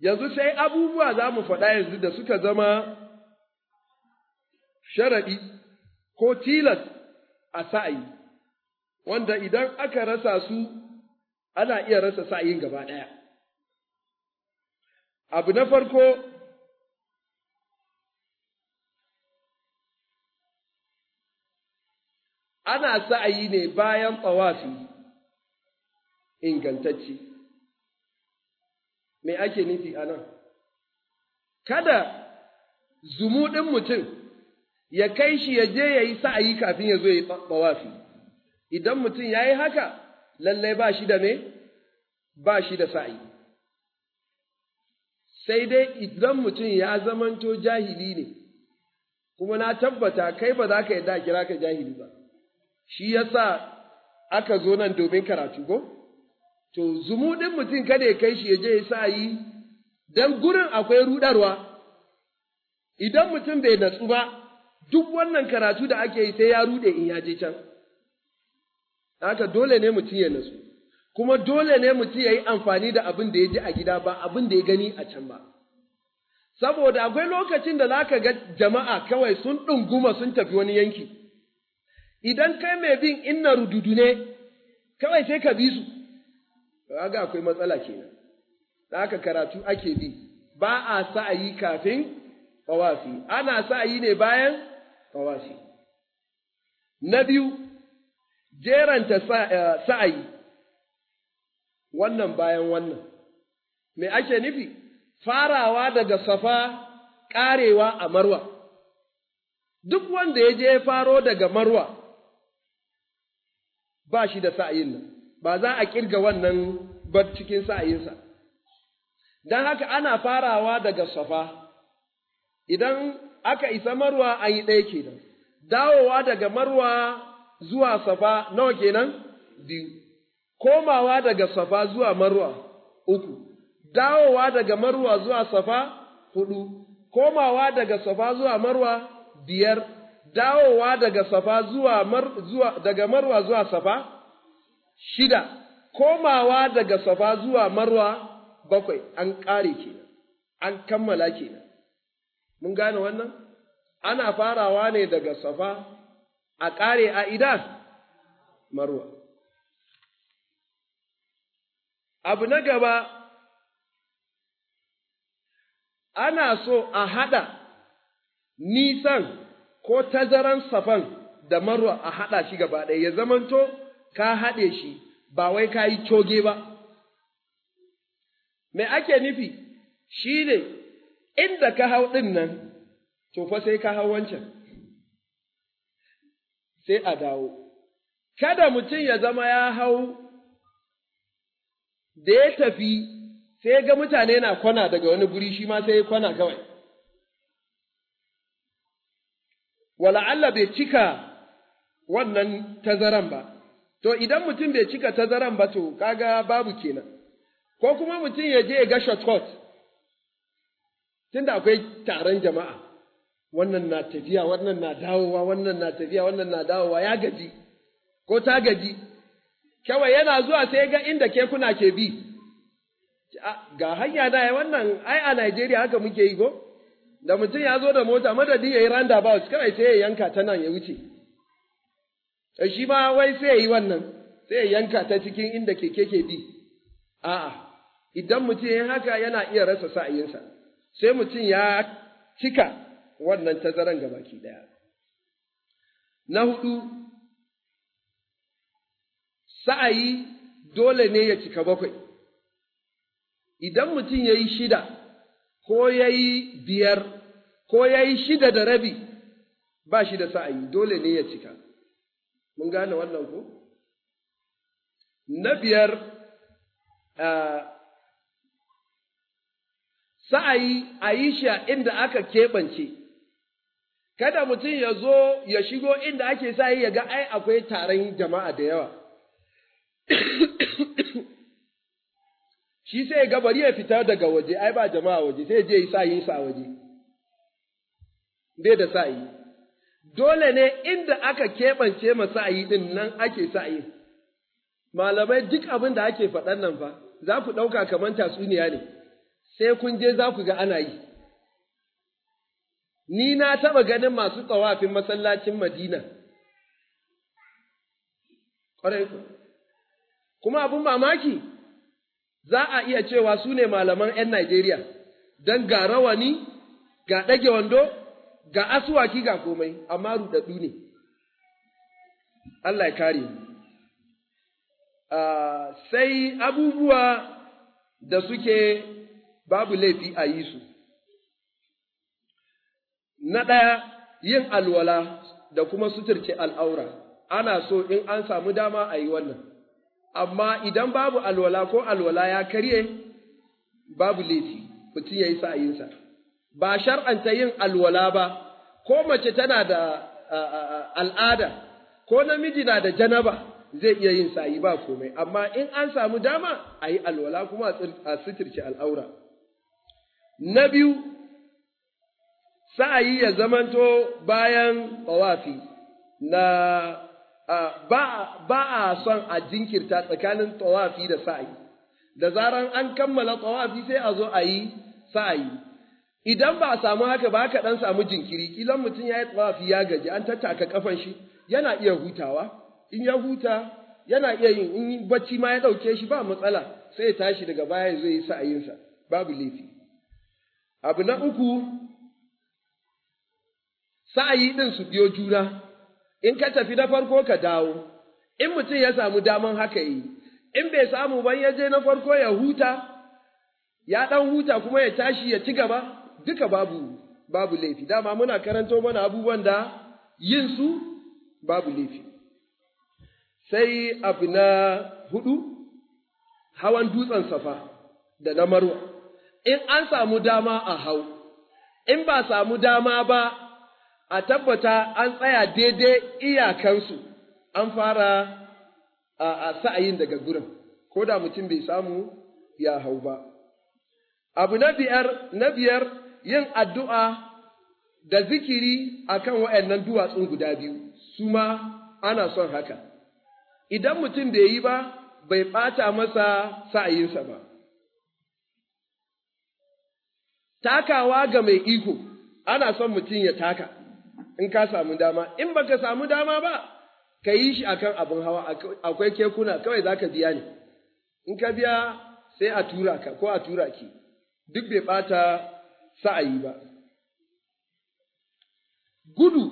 Yanzu sai abubuwa za mu faɗa yanzu da suka zama sharaɗi ko tilas a sa'ayi, wanda idan aka rasa su ana iya rasa sa'ayin gaba ɗaya. Abu na farko, ana sa'ayi ne bayan tsawafi ingantacce. me ake nufi a nan? Kada zumuɗin mutum ya kai shi ya je ya yi sa'ayi kafin ya zo ya yi ɓawafi, idan mutum ya yi haka, lallai ba shi da me? Ba shi da sa'ayi. Sai dai idan mutum ya zamanto jahili ne, kuma na tabbata kai ba za ka yi da kira ka jahili ba, shi ya sa aka zo nan domin karatu ko? To, zumuɗin mutum kada ya kai shi ya je ya sa yi, don gurin akwai ruɗarwa, idan mutum bai natsu ba, duk wannan karatu da ake yi sai ya ruɗe in ya je can. Haka dole ne mutum ya natsu, kuma dole ne mutum ya yi amfani da abin da ya ji a gida ba abin da ya gani a can ba. Saboda akwai lokacin da za ka ga jama'a kawai sun ɗunguma sun tafi wani yanki, idan kai mai bin inna rududu ne, kawai sai ka bi su. ga akwai matsala kenan. Da haka karatu ake bi, ba a sa'ayi kafin tawafi, ana yi ne bayan tawafi. Na biyu, jeranta eh, sa'ayi, wannan bayan wannan. Me ake nufi? Farawa daga safa ƙarewa a marwa. Duk wanda ya je faro daga marwa, ba shi da sa'ayin nan. ba za a kirga wannan ba cikin sa'ayinsa. Don haka ana farawa daga safa, idan aka isa marwa a yi ɗaya kenan, dawowa daga marwa zuwa safa nawa kenan? Biyu, komawa daga safa zuwa marwa uku, dawowa daga marwa zuwa safa hudu, komawa daga safa zuwa marwa biyar, dawowa daga safa zuwa mar, zuwa daga marwa zuwa safa shida komawa daga safa zuwa marwa bakwai an ƙare kenan an kammala kenan mun gane wannan ana farawa ne daga safa a ƙare a idan marwa abu na gaba ana so a haɗa nisan ko tazaran safan da marwa a haɗa shi gaba ɗaya ya zamanto ka haɗe shi ba wai ka yi coge ba. Me ake nufi shi ne inda ka hau ɗin nan, to fa sai ka hau wancan, sai a dawo. Kada mutum ya zama ya hau da ya tafi sai ga mutane na kwana daga wani guri shi ma sai ya kwana kawai. Wala Allah bai cika wannan tazaran ba. To idan mutum bai cika tazaran ba to kaga babu kenan. Ko kuma mutum ya je ya ga shortcut. Tunda akwai taron jama'a. Wannan na tafiya, wannan na dawowa, wannan na tafiya, wannan na dawowa ya gaji. Ko ta gaji. Kawai yana zuwa sai ga inda kekuna ke bi. Ga hanya da ya wannan ai a Najeriya haka muke yi ko? Da mutum ya zo da mota madadi ya yi roundabout kawai sai ya yanka ta nan ya wuce. Eh, shi ma wai sai yi wannan, sai yanka ta cikin inda keke ke bi. A'a, idan mutum yin haka yana iya rasa sa'ayinsa, sai mutum ya cika wannan tazaran baki ɗaya. Na hudu, sa'ayi dole ne ya cika bakwai. Idan mutum ya yi shida, ko ya yi biyar, ko ya yi shida da rabi, ba shi da sa'ayi, dole ne ya cika. Mun gane wannan ku? Na biyar, sa'ayi Aisha inda aka keɓance, kada mutum ya zo ya shigo inda ake sa'ayi ya ga ai akwai taron jama'a da yawa. Shi sai ga bari ya fita daga waje, ai ba jama'a waje, sai je yi sa'ayinsa a waje, bai da sa'ayi. dole ne inda aka keɓance masa yi ɗin nan ake yi. Malamai duk abin da ake faɗan nan fa, za ku ɗauka kamar tatsuniya ne, sai kun je za ku ga ana yi. Ni na taɓa ganin masu tsawafin masallacin Madina, ƙwarai kuma abin mamaki za a iya cewa su ne malaman ‘yan Najeriya, don ga rawani, ga ɗage wando, ga asuwaki ga komai amma ruɗaɗɗu ne Allah ya kare mu ah, sai abubuwa da suke babu laifi a yi su na ɗaya yin alwala da kuma suturce al'aura ana so in an samu dama a yi wannan amma idan babu alwala ko alwala ya karye babu laifi mutum ya yi sa'ayinsa. ba shar'anta yin alwala ba, ko mace tana da al'ada, ko namiji na da janaba zai iya yin sa'i ba komai, amma in an samu dama a yi alwala kuma a suturce al'aura. Na biyu, sa'ayi ya zamanto bayan tawafi na ba a son a jinkirta tsakanin tawafi da sa'ayi, da zaran an kammala tawafi sai a zo a yi sa'ayi. idan ba a samu haka ba ka dan samu jinkiri kilan mutum ya yi tsawafi ya gaji an tattaka kafan shi yana iya hutawa in ya huta yana iya yin in bacci ma ya dauke shi ba matsala sai ya tashi daga baya zai yi sa'ayinsa babu laifi abu na uku sa'ayi din su biyo juna in ka tafi na farko ka dawo in mutum ya samu daman haka yi in bai samu ban ya je na farko ya huta ya dan huta kuma ya tashi ya ci gaba duka babu babu laifi dama muna karanto mana abubuwan da yin su babu laifi sai abu na hudu hawan dutsen safa da na marwa in an samu dama a hau in ba samu dama ba a tabbata an tsaya daidai iyakansu an fara a sa'ayin daga gurin ko da mutum bai samu ya hau ba abu na biyar na biyar yin addu'a da zikiri akan waɗannan duwatsun guda biyu, su ma ana son haka. Idan mutum bai yi ba, bai ɓata masa sa'ayinsa ba. Takawa ga mai iko, ana son mutum ya taka, in ka samu dama, in baka samu dama ba, ka yi shi akan abin hawa, akwai kekuna kawai za ka biya ne, in ka biya sai a tura ka ko a tura ki, duk bai ɓata sa'ayi ba. Gudu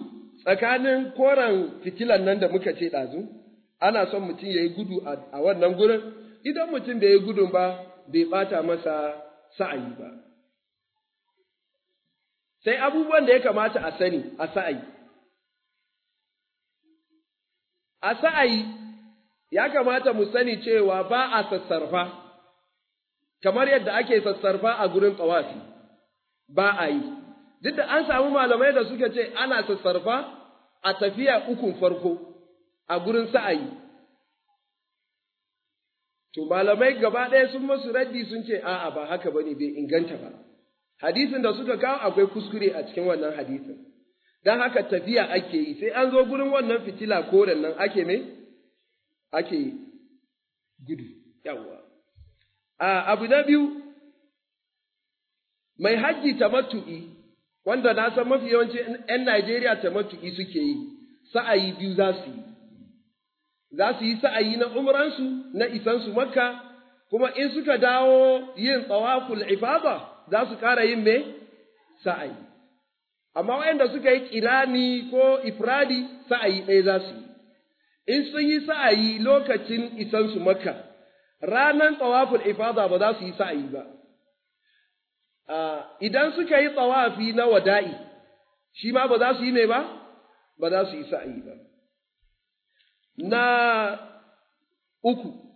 tsakanin koren fitilan nan da muka ce ɗazu, ana son mutum ya yi gudu a wannan gurin, idan mutum bai yi gudun ba, bai bata masa sa'ayi ba. Sai abubuwan da ya kamata a sani a sa'ayi. A sa'ayi, ya kamata mu sani cewa ba a sassarfa, kamar yadda ake sassarfa a gurin tsawafi. ba a yi duk da an samu malamai da suka ce ana sassarfa a tafiya ukun farko a gurin sa'ayi to malamai gaba ɗaya sun masu raddi sun ce a'a ba haka ba ne bai inganta ba hadisin da suka kawo akwai kuskure a cikin wannan hadisin don haka tafiya ake yi sai an zo gurin wannan fitila koren nan ake mai? ake gudu yawwa abu na biyu mai hajji ta matuƙi, wanda na san mafi yawanci 'yan Najeriya ta matu'i suke yi, sa'ayi biyu za su yi, za su yi sa'ayi na umransu na isansu makka, kuma in suka dawo yin tsawakul ifada za su ƙara yin me? Sa'ayi. Amma waɗanda suka yi kirani ko ifradi sa'ayi ɗaya za su yi, in sun yi sa'ayi lokacin isansu makka, ranan tsawakul ifada ba za su yi sa'ayi ba. idan suka yi tsawafi na wada'i, shi ma ba za su yi ne ba, ba za su yi sa'ayi ba. Na uku,